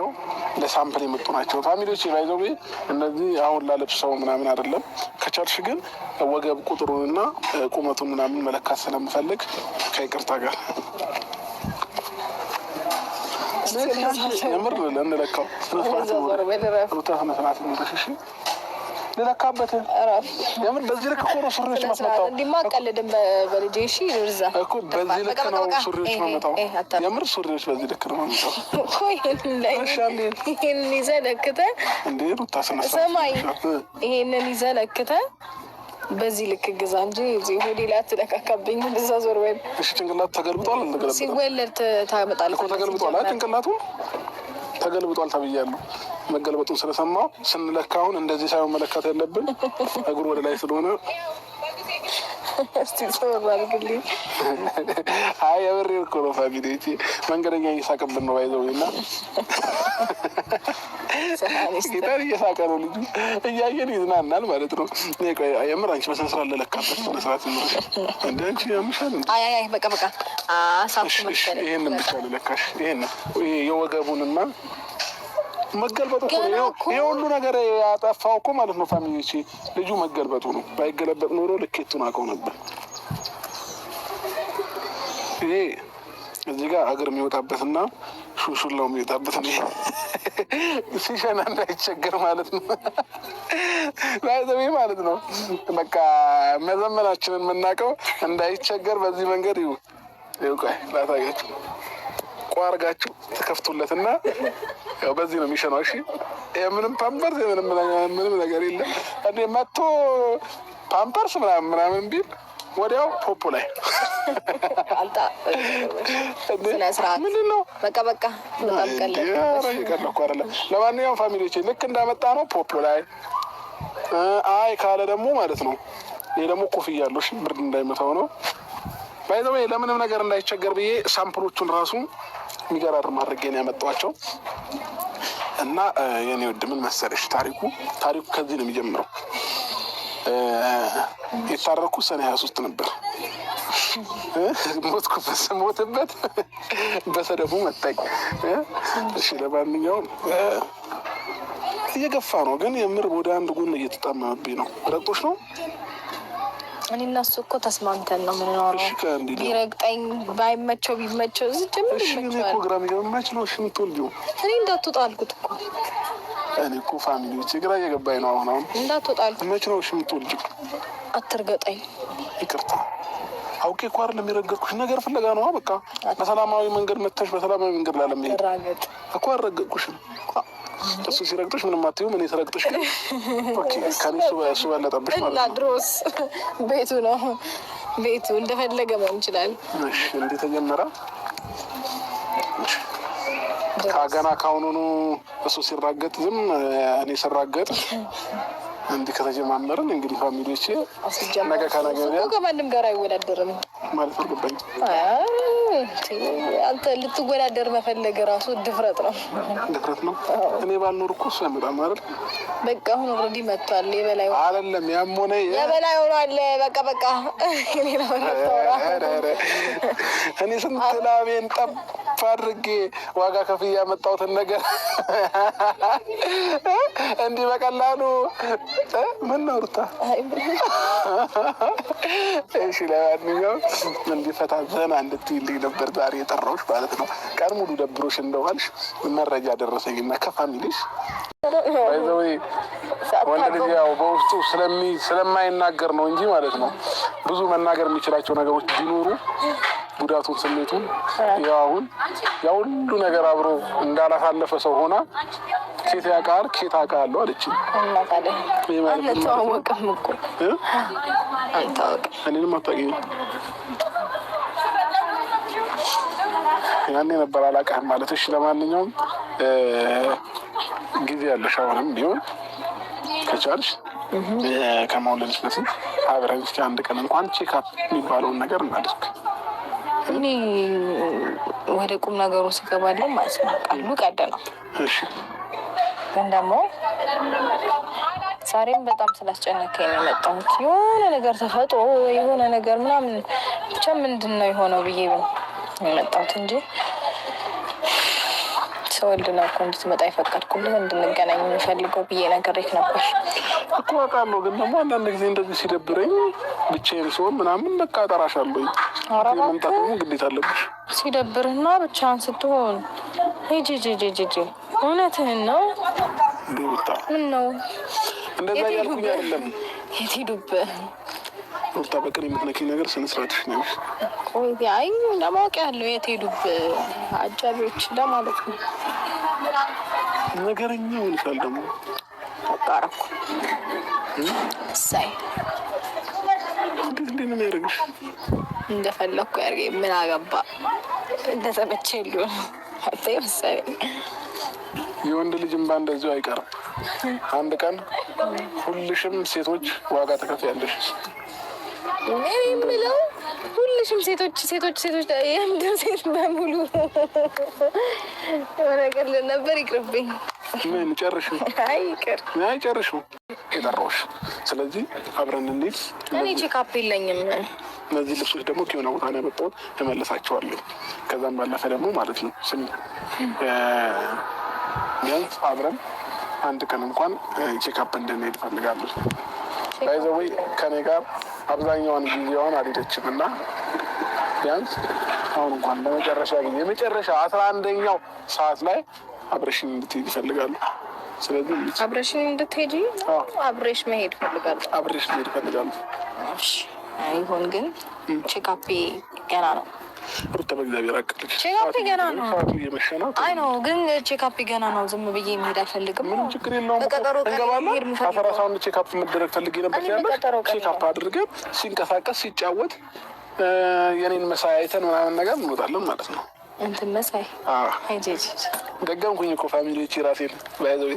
ናቸው፣ ለሳምፕል የመጡ ናቸው። ፋሚሊዎች ባይዘው እነዚህ አሁን ላለብሰው ምናምን አይደለም። ከቻልሽ ግን ወገብ ቁጥሩንና ቁመቱን ምናምን መለካት ስለምፈልግ ከይቅርታ ጋር ምር እንለካው ስነስርዓት ልለካበት የምን በዚህ ልክ እኮ ነው ሱሪዎች ማስመጣው። እንዲማ ቀልድም በልጄ እሺ ርዛ እኮ በዚህ ልክ ነው ሱሪዎች ማመጣው። የምር ሱሪዎች በዚህ ልክ ነው ማመጣው። ይሄንን ይዘህ ለክተህ እንዴ ሩታ ስነሳ ሰማይ ይሄንን ይዘህ ለክተህ በዚህ ልክ ግዛ እንጂ እዚህ ሆዴ ላይ አትለካካብኝ። እንደዛ ዞር በል እሺ። ጭንቅላት ተገልብጧል። ሲወለድ ታመጣለህ እኮ ተገልብጧል። ጭንቅላቱን ተገልብጧል ተብያለሁ። መገልበጡን ስለሰማው ስንለካ አሁን እንደዚህ ሳይሆን መለካት ያለብን እግሩ ወደ ላይ ስለሆነ የብሬ እኮ ነው። ፋሚሊዎቼ መንገደኛ እየሳቀብን ነው። ባይዘው እና ጌታን እየሳቀ ነው ልጁ እያየን ይዝናናል ማለት ነው። የምር አንቺ ለለካበት እንደ አንቺ ያምሻል። ይህንን ብቻ ልለካሽ፣ ይህን የወገቡንና መገልበጡ ይሄ ሁሉ ነገር ያጠፋው እኮ ማለት ነው ፋሚሊዎች፣ ልጁ መገልበጡ ነው። ባይገለበጥ ኖሮ ልኬቱን አውቀው ነበር። ይሄ እዚህ ጋር እግር የሚወጣበትና ሹሹላው የሚወጣበት ነው። ሲሸና እንዳይቸገር ማለት ነው። ላይዘቤ ማለት ነው። በቃ መዘመናችንን የምናውቀው እንዳይቸገር በዚህ መንገድ ይው ይውቃ ላታያቸው ተከፍቶለት ትከፍቱለትና ያው በዚህ ነው የሚሸነው። እሺ ምንም ፓምፐርስ ምንም ነገር የለም። እንደ መቶ ፓምፐርስ ምናምን ምናምን ቢል ወዲያው ፖፖ ላይ ምንድን ነው በቃ በቃ ለማንኛውም ፋሚሊዎች ልክ እንዳመጣ ነው ፖፖ ላይ አይ ካለ ደግሞ ማለት ነው። ይሄ ደግሞ ኮፍያ አለው ብርድ እንዳይመታው ነው። ባይዘ ለምንም ነገር እንዳይቸገር ብዬ ሳምፕሎቹን ራሱ የሚገራር ማድረጌን ነው ያመጣኋቸው። እና የኔ ውድ ምን መሰለሽ ታሪኩ ታሪኩ ከዚህ ነው የሚጀምረው። የታረኩ ሰኔ ሀያ ሶስት ነበር። ሞትኩ በሰሞትበት በሰደቡ መታኝ። እሺ ለማንኛውም እየገፋ ነው ግን የምር ወደ አንድ ጎን እየተጣመመብኝ ነው። ረግጦች ነው እኔ እና እሱ እኮ ተስማምተን ነው የምንኖረው። ቢረግጠኝ ባይመቸው ቢመቸው ዝጀምር ፕሮግራም የመች ነው ሽምቶ እኔ እንዳትወጣ አልኩት እኮ እኔ እኮ ፋሚሊዎች ግራ እየገባኝ ነው። አሁን አሁን እንዳትወጣ አልኩት። መች ነው ሽምቶ ልዩ አትርገጠኝ። ይቅርታ አውቄ እኮ አይደለም የረገጥኩሽ። ነገር ፍለጋ ነው በቃ በሰላማዊ መንገድ መተሽ በሰላማዊ መንገድ ላለመሄድ እኮ አልረገጥኩሽም። እሱ ሲረግጦች ምንም አትይውም። እኔ ተረግጦች ግን ከእሱ በለጠብሽ ማለት ነው። ድሮስ ቤቱ ነው ቤቱ እንደፈለገ መሆን ይችላል። እንዴት ተጀመረ ከገና ከአሁኑኑ እሱ ሲራገጥ ዝም እኔ ስራገጥ እንዲህ ከተጀማመርን እንግዲህ ፋሚሊዎቼ ነገ ከነገ ከማንም ጋር አይወዳደርም ማለት አልገባኝም። አንተ ልትወዳደር መፈለግ ራሱ ድፍረት ነው፣ ድፍረት ነው። እኔ ባልኖር እኮ እሱ አይመጣም አይደል? በቃ አሁን ኦልሬዲ መጥቷል። የበላይ አይደለም ያም ሆነ የበላይ ሆኗል። በቃ በቃ እኔ ስንት ላቤን ጠብ ከፍ አድርጌ ዋጋ ከፍ ያመጣሁትን ነገር እንዲህ በቀላሉ ምን ነው ሩታ እሺ፣ ለማንኛውም እንዲፈታ ዘና እንድትይልኝ ነበር ዛሬ የጠራሁሽ ማለት ነው። ቀን ሙሉ ደብሮሽ እንደዋልሽ መረጃ ከፋ ሚልሽ ወንድ ልጅ ያው በውስጡ ስለማይናገር ነው እንጂ ማለት ነው ብዙ መናገር የሚችላቸው ነገሮች ቢኖሩ ጉዳቱን፣ ስሜቱን ያሁን ያ ሁሉ ነገር አብሮ እንዳላሳለፈ ሰው ሆና ኬት ያውቃል ኬት አውቃለሁ አለችኝ። አይተዋወቅም እኮ አይተዋወቅም። እኔንም አታውቂኝም። ያኔ ነበር አላውቅህም ማለት። እሺ ለማንኛውም ጊዜ ያለሽ አሁንም ቢሆን ከቻልሽ ከመውለድሽ በፊት አብረን እስኪ አንድ ቀን እንኳን ቼካፕ የሚባለውን ነገር እናድርግ። እኔ ወደ ቁም ነገሩ ስገባለሁ ማለት ነው። ቃሉ ቀደ ነው። ግን ደግሞ ዛሬም በጣም ስላስጨነቀኝ ነው የመጣሁት። የሆነ ነገር ተፈጥሮ የሆነ ነገር ምናምን ብቻ ምንድን ነው የሆነው ብዬ ነው የመጣሁት እንጂ ስወልድ ነው እኮ እንድትመጣ የፈቀድኩልህ እንድንገናኝ የሚፈልገው ብዬ ነግሬህ ነበር እኮ አውቃለሁ። ግን ደግሞ አንዳንድ ጊዜ እንደዚህ ሲደብረኝ ብቻዬን ስሆን ምናምን በቃ እጠራሻለሁ። መምጣት ደግሞ ግዴታ አለብሽ። ሲደብርህና ብቻህን ስትሆን ሂጂ ሂጂ ሂጂ። እውነትህን ነው። ምን ነው እንደዛ ያልኩኝ አይደለም የት ሄዱብህ ሩታ በቀን የምትነኪ ነገር ስነስርዓትሽ ነው። አይ ለማወቅ ያለው የት ሄዱ አጃቢዎች ለማለት ነው። ነገረኛ ይሆንሻል ደግሞ አባረኩ ሳይ እንዴት ምን ያደርግሽ እንደፈለግኩ ያርገ ምን አገባ እንደተመቼ ሊሆን ሀብታ መሰለኝ። የወንድ ልጅ እምባ እንደዚሁ አይቀርም። አንድ ቀን ሁልሽም ሴቶች ዋጋ ተከፍያለሽ። እኔ የምለው ሁልሽም ሴቶች ሴቶች ሴቶች የምድር ሴት በሙሉ የሆነ ቀን ይቅርብኝ። ምን ጨርሽ? አይ ይቅር። የጠራሁሽ። ስለዚህ አብረን እንሂድ። እኔ ቼካፕ የለኝም። እነዚህ ልብሶች ደግሞ ከሆነ ቦታ ነው ያመጣሁት፣ እመልሳቸዋለሁ። ከዛም ባለፈ ደግሞ ማለት ነው ስሚ፣ ቢያንስ አብረን አንድ ቀን እንኳን ቼካፕ እንድንሄድ እፈልጋለሁ። ባይዘወይ ከኔ ጋር አብዛኛውን ጊዜዋን አልሄደችም እና ቢያንስ አሁን እንኳን ለመጨረሻ ጊዜ የመጨረሻ አስራ አንደኛው ሰዓት ላይ አብረሽን እንድትሄድ ይፈልጋሉ። ስለዚህ አብረሽን እንድትሄድ አብሬሽ መሄድ ፈልጋሉ። አብሬሽ መሄድ ይፈልጋሉ። ይሁን ግን ቼካፔ ገና ነው። ሩታ በእግዚአብሔር አቅልሽ። ቼካፕ ገና ነው። አይ ነው ግን ቼካፕ ገና ነው። ዝም ብዬ መሄድ አልፈልግም። ምንም ችግር የለውም። በቀጠሮ እንገባለን። አስራ አንድ ቼካፕ መደረግ ፈልጌ ነበር። ቼካፕ አድርገን ሲንቀሳቀስ ሲጫወት የኔን መሳይ አይተን ምናምን ነገር እንወጣለን ማለት ነው። እንትን መሳይ ደገምኩኝ እኮ ፋሚሊዎች ራሴን ባይዘቤ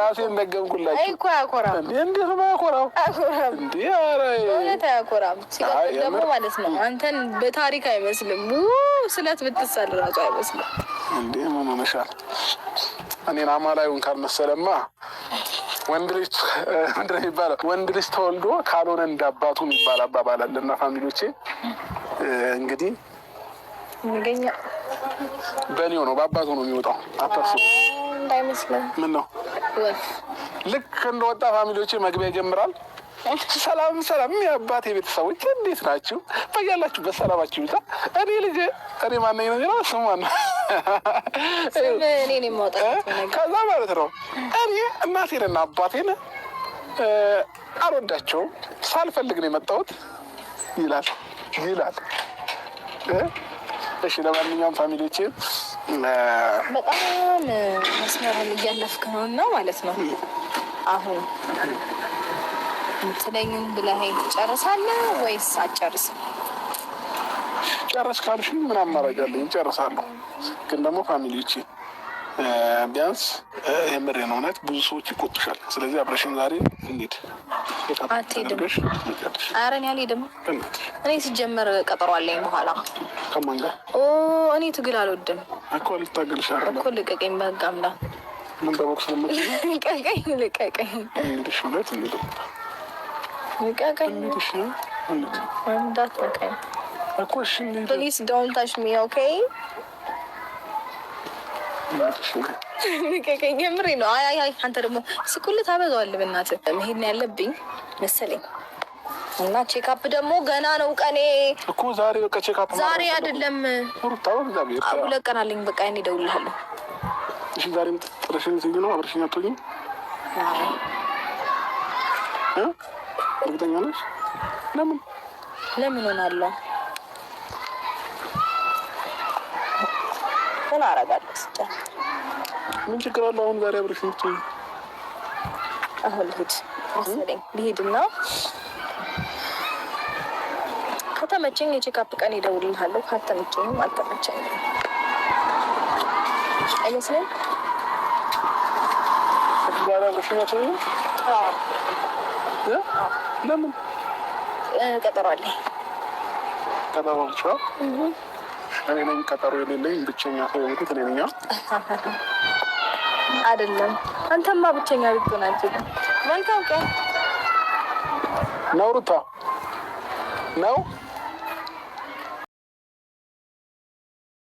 ራሴን መገምኩላችሁ ማለት ነው አንተን በታሪክ አይመስልም። ስለት ብትሳል አይመስልም። እንዴ ምን ሆነሻል? እኔን አማላዩን ካልመሰለማ ወንድ ልጅ ምንድን ነው የሚባለው? ወንድ ልጅ ተወልዶ ካልሆነ እንዳባቱ የሚባል አባባል አለ እና ፋሚሊዎቼ እንግዲህ በእኔው ነው በአባቱ ነው የሚወጣው። አታስቡ። ምን ነው ልክ እንደወጣ ፋሚሊዎች መግቢያ ይጀምራል። ሰላም ሰላም፣ የአባቴ ቤተሰቦች እንዴት ናችሁ? በያላችሁበት ሰላማችሁ ይብዛ። እኔ ልጅ እኔ ማነኝ ነው ስሙ ማነው? ከዛ ማለት ነው እኔ እናቴንና አባቴን አልወዳቸውም፣ ሳልፈልግ ነው የመጣሁት ይላል ይላል እሺ ለማንኛውም ፋሚሊዎች በጣም መስመሩን እያለፍክ ነው እና ማለት ነው አሁን የምትለኝም ብለኸኝ ትጨርሳለህ ወይስ አትጨርስም? ጨረስ ካልሽኝ ምን አማራጃለኝ? አለኝ? ግን ደግሞ ፋሚሊዎች ቢያንስ የምሬ ነው እውነት ብዙ ሰዎች ይቆጡሻል። ስለዚህ አብረሽን ዛሬ እንሂድ። አትሄድም? ኧረ እኔ አልሄድም። እኔ ሲጀመር ቀጠሮ አለኝ በኋላ ከማን ጋር? እኔ ትግል አልወድም እኮ ልታገልሽ እኮ ልቀቀኝ፣ ምን በቦክስ ልቀቀኝ፣ ልቀቀኝ፣ ታች ሚ ኦኬ። ልቀቀኝ፣ የምሬ ነው። አይ አይ፣ አንተ ደግሞ ታበዛዋለህ። በእናትህ መሄድ ነው ያለብኝ መሰለኝ እና ቼካፕ ደግሞ ገና ነው። ቀኔ እኮ ዛሬ በቃ ቼካፕ ዛሬ አይደለም ሁለት ቀን አለኝ። በቃ እኔ እደውልልሃለሁ። እሺ ዛሬ የምትጠረሽኝ ስኝ ነው? አብረሽኝ አትሆኝም? እርግጠኛ ነሽ? ለምን ለምን ሆናለሁ? ምን አደርጋለሁ? ስጫ ምን ችግር አለው? አሁን ዛሬ አብረሽኝ አትሆኝም? አሁን ልሂድ መሰለኝ ልሂድና ከተመቸኝ የቼካፕ ቀን ይደውልልሃለሁ። ካልተመቸኝም አልተመቸኝም አይመስለኝ ለምን ቀጠሮ አለኝ። ቀጠሮ እኔ ነኝ ቀጠሮ የሌለኝ ብቸኛ ሰው እኔ ነኝ። አይደለም አንተማ ብቸኛ አልችልም። መልካም ቀን ነው ሩታ ነው